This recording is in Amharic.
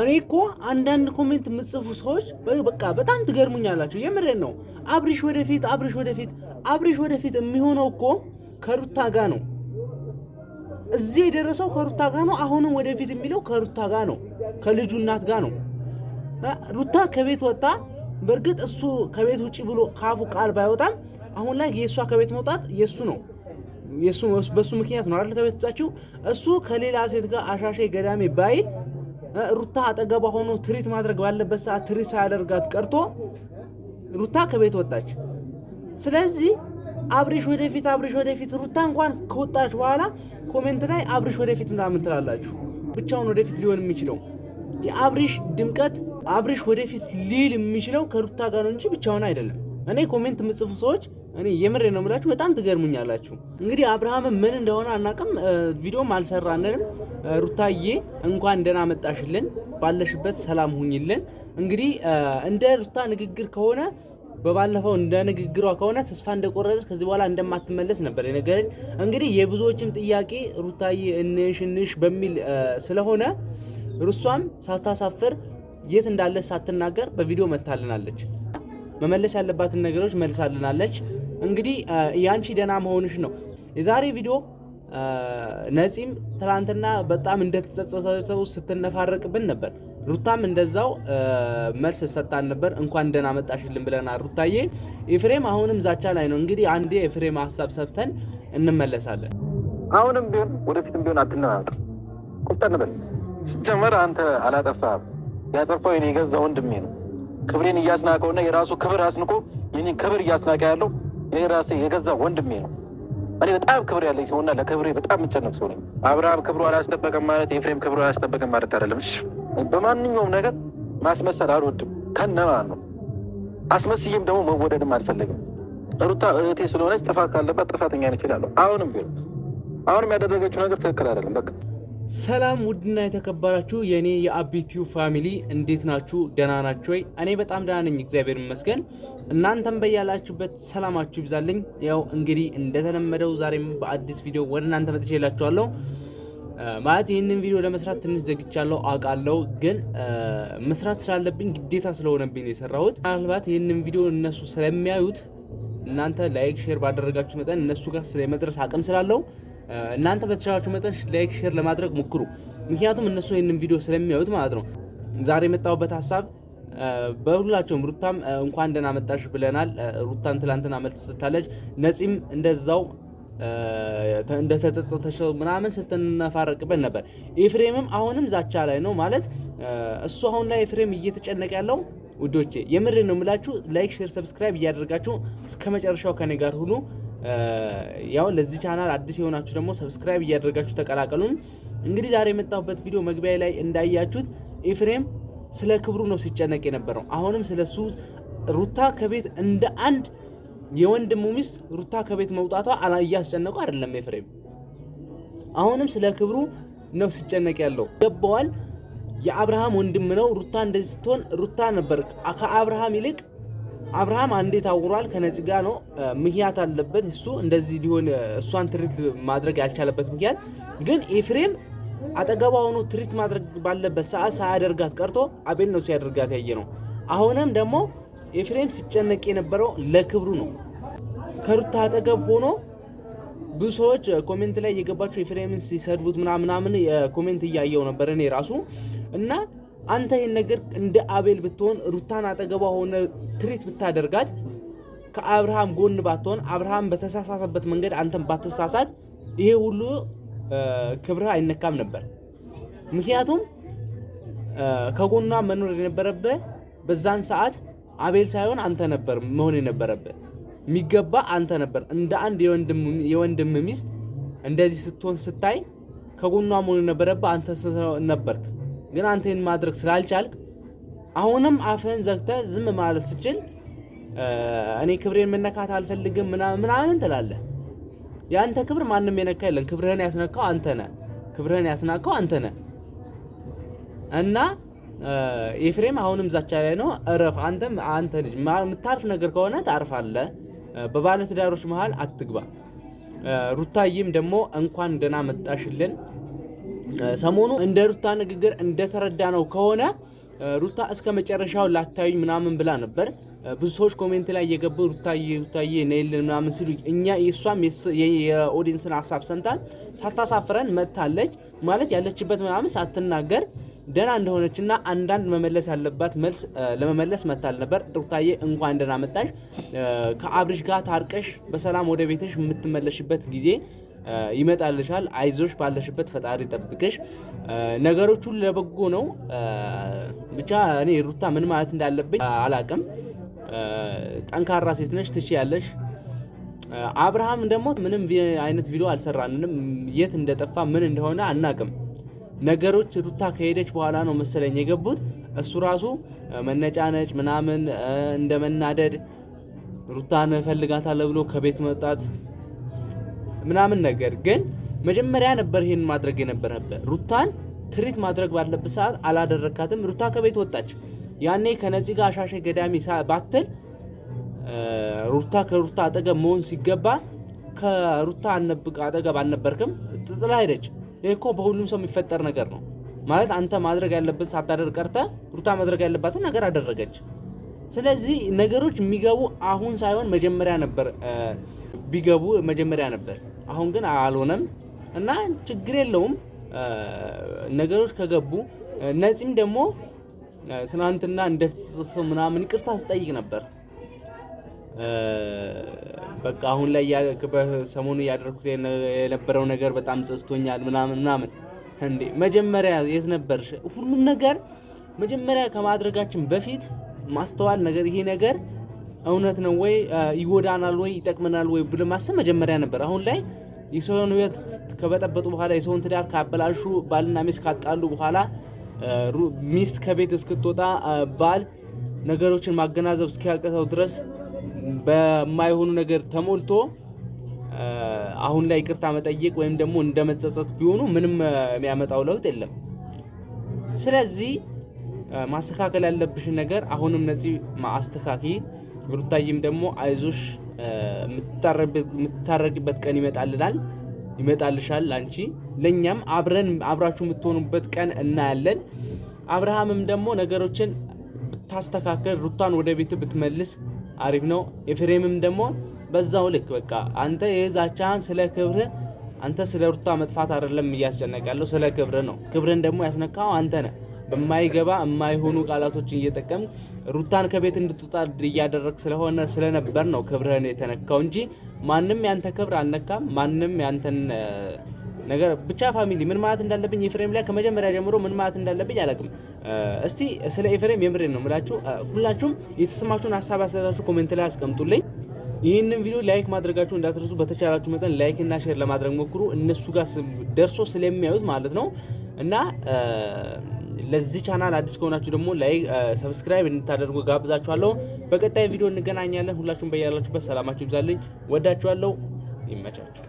እኔ እኮ አንዳንድ ኮሜንት የምጽፉ ሰዎች በቃ በጣም ትገርሙኛላችሁ። የምሬን ነው። አብሪሽ ወደፊት፣ አብሪሽ ወደፊት፣ አብሪሽ ወደፊት የሚሆነው እኮ ከሩታ ጋ ነው። እዚህ የደረሰው ከሩታ ጋ ነው። አሁንም ወደፊት የሚለው ከሩታ ጋ ነው፣ ከልጁ እናት ጋ ነው። ሩታ ከቤት ወጣ። በእርግጥ እሱ ከቤት ውጭ ብሎ ካፉ ቃል ባይወጣም አሁን ላይ የእሷ ከቤት መውጣት የእሱ ነው በእሱ ምክንያት ነው አይደል? ከቤት ወጣችው። እሱ ከሌላ ሴት ጋር አሻሼ ገዳሜ ባይል ሩታ አጠገቧ ሆኖ ትሪት ማድረግ ባለበት ሰዓት ትሪት ሳያደርጋት ቀርቶ ሩታ ከቤት ወጣች። ስለዚህ አብሪሽ ወደፊት አብሪሽ ወደፊት ሩታ እንኳን ከወጣች በኋላ ኮሜንት ላይ አብሪሽ ወደፊት ምናምን ትላላችሁ። ብቻውን ወደፊት ሊሆን የሚችለው የአብሪሽ ድምቀት አብሪሽ ወደፊት ሊል የሚችለው ከሩታ ጋር ነው እንጂ ብቻውን አይደለም። እኔ ኮሜንት የምጽፉ ሰዎች እኔ የምሬ ነው የምላችሁ፣ በጣም ትገርሙኛላችሁ። እንግዲህ አብርሃምን ምን እንደሆነ አናውቅም፣ ቪዲዮም አልሰራንንም። ሩታዬ እንኳን ደህና መጣሽልን፣ ባለሽበት ሰላም ሁኝልን። እንግዲህ እንደ ሩታ ንግግር ከሆነ በባለፈው እንደ ንግግሯ ከሆነ ተስፋ እንደቆረጠች ከዚህ በኋላ እንደማትመለስ ነበር የነገረኝ። እንግዲህ የብዙዎችም ጥያቄ ሩታዬ እንሽ እንሽ በሚል ስለሆነ ሩሷም ሳታሳፍር የት እንዳለች ሳትናገር በቪዲዮ መታልናለች። መመለስ ያለባትን ነገሮች መልሳልናለች። እንግዲህ ያንቺ ደህና መሆንሽ ነው የዛሬ ቪዲዮ። ነፂም ትናንትና በጣም እንደተጸጸተው ስትነፋረቅብን ነበር። ሩታም እንደዛው መልስ ሰጣን ነበር። እንኳን ደህና መጣሽልን ብለናል ሩታዬ። ኤፍሬም አሁንም ዛቻ ላይ ነው። እንግዲህ አንዴ ኤፍሬም ሀሳብ ሰብተን እንመለሳለን። አሁንም ቢሆን ወደፊትም ቢሆን አትነናነቅ፣ ቁጠንበል ሲጀመር አንተ አላጠፋ ያጠፋው የኔ ገዛ ወንድሜ ነው ክብሬን እያስናቀው እና የራሱ ክብር አስንቆ የኔን ክብር እያስናቀ ያለው ራሴ የገዛ ወንድሜ ነው። እኔ በጣም ክብር ያለኝ ሰውና ለክብሬ በጣም የምጨነቅ ሰው ነኝ። አብርሃም ክብሩ አላስጠበቀም ማለት ኤፍሬም ክብሩ አላስጠበቀም ማለት አይደለም። በማንኛውም ነገር ማስመሰል አልወድም ከነማ ነው። አስመስዬም ደግሞ መወደድም አልፈለግም። ሩታ እህቴ ስለሆነች ጥፋት ካለባት ጥፋተኛ ነች እላለሁ። አሁንም ቢሆን አሁንም ያደረገችው ነገር ትክክል አይደለም በቃ ሰላም ውድና የተከበራችሁ የእኔ የአቢቲዩ ፋሚሊ እንዴት ናችሁ? ደህና ናችሁ ወይ? እኔ በጣም ደህና ነኝ፣ እግዚአብሔር ይመስገን። እናንተም በያላችሁበት ሰላማችሁ ይብዛልኝ። ያው እንግዲህ እንደተለመደው ዛሬም በአዲስ ቪዲዮ ወደ እናንተ መጥቼላችኋለሁ። ማለት ይህንን ቪዲዮ ለመስራት ትንሽ ዘግቻለሁ አውቃለሁ፣ ግን መስራት ስላለብኝ ግዴታ ስለሆነብኝ የሰራሁት። ምናልባት ይህንን ቪዲዮ እነሱ ስለሚያዩት እናንተ ላይክ ሼር ባደረጋችሁ መጠን እነሱ ጋር ስለመድረስ አቅም ስላለው እናንተ በተቻላችሁ መጠን ላይክ፣ ሼር ለማድረግ ሞክሩ። ምክንያቱም እነሱ ይህንን ቪዲዮ ስለሚያዩት ማለት ነው። ዛሬ የመጣሁበት ሀሳብ በሁላቸውም ሩታም እንኳን ደህና መጣሽ ብለናል። ሩታን ትላንትና መልስ ስታለች፣ ነፂም እንደዛው እንደተጸጸተች ምናምን ስትነፋረቅበት ነበር። ኤፍሬምም አሁንም ዛቻ ላይ ነው ማለት እሱ አሁን ላይ ኤፍሬም እየተጨነቀ ያለው ውዶቼ፣ የምር ነው የምላችሁ። ላይክ ሼር፣ ሰብስክራይብ እያደረጋችሁ እስከ መጨረሻው ከኔ ጋር ሁሉ ያው ለዚህ ቻናል አዲስ የሆናችሁ ደግሞ ሰብስክራይብ እያደረጋችሁ ተቀላቀሉን። እንግዲህ ዛሬ የመጣሁበት ቪዲዮ መግቢያ ላይ እንዳያችሁት ኤፍሬም ስለ ክብሩ ነው ሲጨነቅ የነበረው። አሁንም ስለ እሱ ሩታ ከቤት እንደ አንድ የወንድሙ ሚስት ሩታ ከቤት መውጣቷ እያስጨነቁ አይደለም። ኤፍሬም አሁንም ስለ ክብሩ ነው ሲጨነቅ ያለው። ገባዋል። የአብርሃም ወንድም ነው። ሩታ እንደዚህ ስትሆን ሩታ ነበር ከአብርሃም ይልቅ አብርሃም አንዴ ታውሯል። ከነፂ ጋር ነው። ምክንያት አለበት እሱ እንደዚህ ሊሆን እሷን ትሪት ማድረግ ያልቻለበት ምክንያት ግን ኤፍሬም አጠገቧ ሆኖ ትሪት ማድረግ ባለበት ሰዓት ሳያደርጋት ቀርቶ አቤል ነው ሲያደርጋት ያየ ነው። አሁንም ደግሞ ኤፍሬም ሲጨነቅ የነበረው ለክብሩ ነው። ከሩታ አጠገብ ሆኖ ብዙ ሰዎች ኮሜንት ላይ እየገባቸው ኤፍሬምን ሲሰድቡት ምናምናምን ኮሜንት እያየው ነበር እኔ ራሱ እና አንተ ይህን ነገር እንደ አቤል ብትሆን ሩታን አጠገቧ ሆነ ትሪት ብታደርጋት ከአብርሃም ጎን ባትሆን አብርሃም በተሳሳተበት መንገድ አንተን ባትሳሳት ይሄ ሁሉ ክብርህ አይነካም ነበር። ምክንያቱም ከጎኗ መኖር የነበረብህ በዛን ሰዓት አቤል ሳይሆን አንተ ነበር መሆን የነበረብህ። የሚገባ አንተ ነበር። እንደ አንድ የወንድም ሚስት እንደዚህ ስትሆን ስታይ ከጎኗ መሆን የነበረብህ አንተ ነበርክ። ግን አንተን ማድረግ ስላልቻልክ አሁንም አፍህን ዘግተ ዝም ማለት ስችል እኔ ክብሬን መነካት አልፈልግም ምናምን ትላለህ። የአንተ ክብር ማንም የነካ የለም። ክብርህን ያስነካው አንተ ነህ። ክብርህን ያስናካው አንተ ነህ እና ኤፍሬም አሁንም ዛቻ ላይ ነው። እረፍ አንተም አንተ ልጅ የምታርፍ ነገር ከሆነ ታርፋለህ። በባለትዳሮች መሃል አትግባ። ሩታዬም ደግሞ እንኳን ደህና መጣሽልን ሰሞኑ እንደ ሩታ ንግግር እንደተረዳ ነው ከሆነ ሩታ እስከ መጨረሻው ላታዩኝ ምናምን ብላ ነበር። ብዙ ሰዎች ኮሜንት ላይ እየገቡ ሩታዬ ሩታዬ ነይልን ምናምን ሲሉ እኛ የእሷም የኦዲንስን ሀሳብ ሰምታን ሳታሳፍረን መጥታለች። ማለት ያለችበት ምናምን ሳትናገር ደህና እንደሆነች እና አንዳንድ መመለስ ያለባት መልስ ለመመለስ መታል ነበር። ሩታዬ እንኳን ደህና መጣሽ፣ ከአብርሽ ጋር ታርቀሽ በሰላም ወደ ቤተሽ የምትመለሽበት ጊዜ ይመጣልሻል። አይዞሽ፣ ባለሽበት ፈጣሪ ጠብቅሽ። ነገሮች ሁሉ ለበጎ ነው። ብቻ እኔ ሩታ ምን ማለት እንዳለብኝ አላቅም። ጠንካራ ሴት ነሽ፣ ትችያለሽ። አብርሃም ደግሞ ምንም አይነት ቪዲዮ አልሰራንንም። የት እንደጠፋ ምን እንደሆነ አናቅም። ነገሮች ሩታ ከሄደች በኋላ ነው መሰለኝ የገቡት። እሱ ራሱ መነጫነጭ ምናምን እንደመናደድ ሩታ ሩታን እፈልጋታለሁ ብሎ ከቤት መውጣት ምናምን ነገር ግን መጀመሪያ ነበር ይሄን ማድረግ የነበረበት። ሩታን ትሪት ማድረግ ባለበት ሰዓት አላደረካትም። ሩታ ከቤት ወጣች። ያኔ ከነፂ ጋር አሻሸ ገዳሚ ባትል ሩታ ከሩታ አጠገብ መሆን ሲገባ ከሩታ አጠገብ አልነበርክም፣ ጥጥላ ሄደች። ይህ እኮ በሁሉም ሰው የሚፈጠር ነገር ነው። ማለት አንተ ማድረግ ያለበት ሳታደር ቀርተ ሩታ ማድረግ ያለባትን ነገር አደረገች። ስለዚህ ነገሮች የሚገቡ አሁን ሳይሆን መጀመሪያ ነበር ቢገቡ መጀመሪያ ነበር አሁን ግን አልሆነም እና ችግር የለውም። ነገሮች ከገቡ ነፂም ደግሞ ትናንትና እንደ ፍጽፍ ምናምን ይቅርታ ስጠይቅ ነበር። በቃ አሁን ላይ ሰሞኑ እያደረኩት የነበረው ነገር በጣም ጸጽቶኛል ምናምን ምናምን። እንዴ መጀመሪያ የት ነበርሽ? ሁሉም ነገር መጀመሪያ ከማድረጋችን በፊት ማስተዋል ነገር ይሄ ነገር እውነት ነው ወይ ይጎዳናል ወይ ይጠቅመናል ወይ ብለን ማሰብ መጀመሪያ ነበር። አሁን ላይ የሰውን ህይወት ከበጠበጡ በኋላ የሰውን ትዳር ካበላሹ፣ ባልና ሚስት ካጣሉ በኋላ ሚስት ከቤት እስክትወጣ ባል ነገሮችን ማገናዘብ እስኪያቅተው ድረስ በማይሆኑ ነገር ተሞልቶ አሁን ላይ ይቅርታ መጠየቅ ወይም ደግሞ እንደ መጸጸት ቢሆኑ ምንም የሚያመጣው ለውጥ የለም። ስለዚህ ማስተካከል ያለብሽን ነገር አሁንም ነፂ ማስተካከል ሩታዬም ደግሞ አይዞሽ የምትታረግበት ቀን ይመጣልናል ይመጣልሻል አንቺ ለእኛም አብረን አብራችሁ የምትሆኑበት ቀን እናያለን። አብርሃምም ደግሞ ነገሮችን ብታስተካከል ሩታን ወደ ቤት ብትመልስ አሪፍ ነው። ኤፍሬምም ደግሞ በዛው ልክ በቃ አንተ የዛቻን ስለ ክብር አንተ ስለ ሩታ መጥፋት አይደለም እያስጨነቀ ያለው ስለ ክብር ነው። ክብርን ደግሞ ያስነካው አንተ ነህ። በማይገባ የማይሆኑ ቃላቶችን እየጠቀም ሩታን ከቤት እንድትወጣ እያደረግ ስለሆነ ስለነበር ነው ክብርህን የተነካው እንጂ ማንም ያንተ ክብር አልነካም። ማንም ያንተን ነገር ብቻ ፋሚሊ ምን ማለት እንዳለብኝ ኤፍሬም ላይ ከመጀመሪያ ጀምሮ ምን ማለት እንዳለብኝ አላውቅም። እስቲ ስለ ኤፍሬም የምሬን ነው የምላችሁ። ሁላችሁም የተሰማችሁን ሀሳብ አስተያየታችሁ ኮሜንት ላይ አስቀምጡልኝ። ይህንን ቪዲዮ ላይክ ማድረጋችሁ እንዳትረሱ። በተቻላችሁ መጠን ላይክ እና ሼር ለማድረግ ሞክሩ፣ እነሱ ጋር ደርሶ ስለሚያዩት ማለት ነው እና ለዚህ ቻናል አዲስ ከሆናችሁ ደግሞ ላይ ሰብስክራይብ እንድታደርጉ ጋብዛችኋለሁ። በቀጣይ ቪዲዮ እንገናኛለን። ሁላችሁም በያላችሁበት ሰላማችሁ ይብዛልኝ። ወዳችኋለሁ። ይመቻችሁ።